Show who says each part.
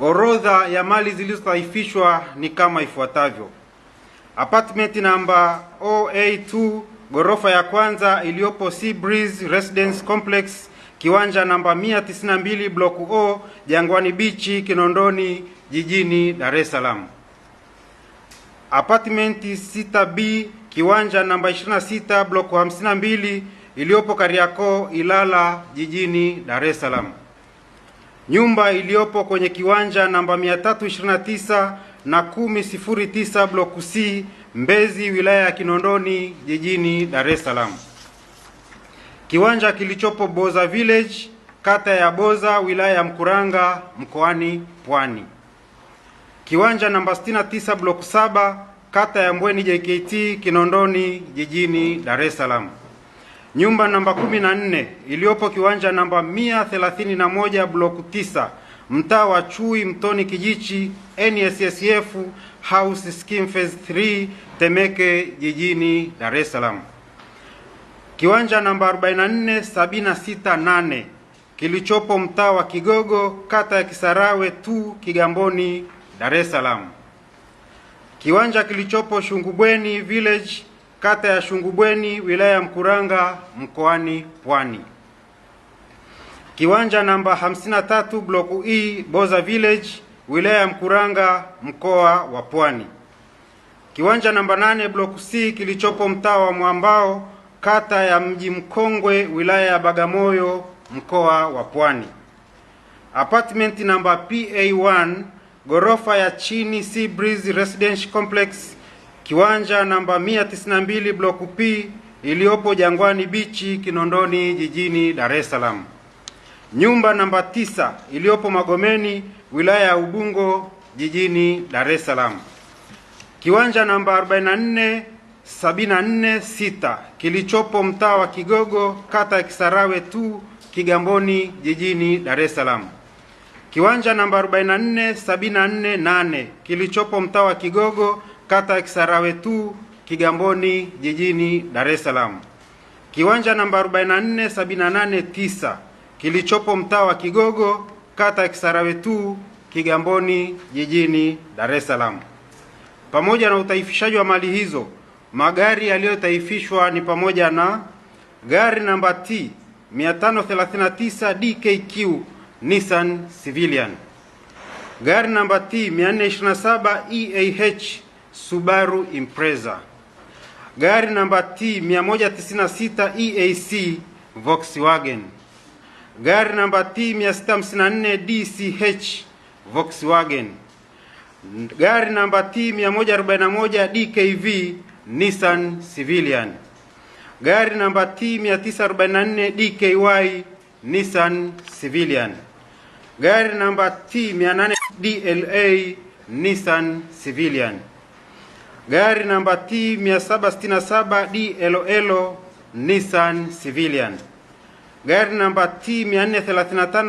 Speaker 1: Orodha ya mali zilizotaifishwa ni kama ifuatavyo: apartment namba OA2 ghorofa ya kwanza iliyopo Sea Breeze Residence Complex kiwanja namba 192 block O Jangwani Bichi Kinondoni jijini Dar es Salaam. Apartment 6B kiwanja namba 26 block 52 iliyopo Kariakoo Ilala jijini Dar es Salaam nyumba iliyopo kwenye kiwanja namba 329 na 1009 block C Mbezi, wilaya ya Kinondoni, jijini Dar es Salaam. Kiwanja kilichopo Boza Village, kata ya Boza, wilaya ya Mkuranga, mkoani Pwani. Kiwanja namba 69 block 7 kata ya Mbweni JKT, Kinondoni, jijini Dar es Salaam nyumba namba 14 iliyopo kiwanja namba 131 block 9 mtaa wa Chui Mtoni Kijichi NSSF House Scheme Phase 3 Temeke jijini Dar es Salaam. Kiwanja namba 44768 kilichopo mtaa wa Kigogo kata ya Kisarawe tu Kigamboni Dar es Salaam. Kiwanja kilichopo Shungubweni Village kata ya Shungubweni, wilaya ya Mkuranga, mkoani Pwani. Kiwanja namba 53 block E Boza Village, wilaya ya Mkuranga, mkoa wa Pwani. Kiwanja namba 8 block C kilichopo mtaa wa Mwambao, kata ya Mji Mkongwe, wilaya ya Bagamoyo, mkoa wa Pwani. Apartment namba PA1, ghorofa ya chini Sea Breeze Residential Complex kiwanja namba 192 block P iliyopo Jangwani Bichi, Kinondoni, jijini Dar es Salaam, nyumba namba 9 iliyopo Magomeni, wilaya ya Ubungo, jijini Dar es Salaam, kiwanja namba 44 kilichopo mtaa wa Kigogo, kata ya Kisarawe tu Kigamboni, jijini Dar es Salaam, kiwanja namba 44 kilichopo mtaa wa Kigogo kata ya Kisarawe tu Kigamboni jijini Dar es Salaam. Kiwanja namba 44789 kilichopo mtaa wa Kigogo kata ya Kisarawe tu Kigamboni jijini Dar es Salaam. Pamoja na utaifishaji wa mali hizo, magari yaliyotaifishwa ni pamoja na gari namba T 539 DKQ Nissan Civilian, gari namba T 427 EAH Subaru Impreza, gari namba T 196 EAC Volkswagen, gari namba T 654 DCH Volkswagen, gari namba T 141 DKV Nissan Civilian, gari namba T 944 DKY Nissan Civilian, gari namba T 800 DLA Nissan Civilian gari namba T 767 D Nissan Civilian, gari namba T 435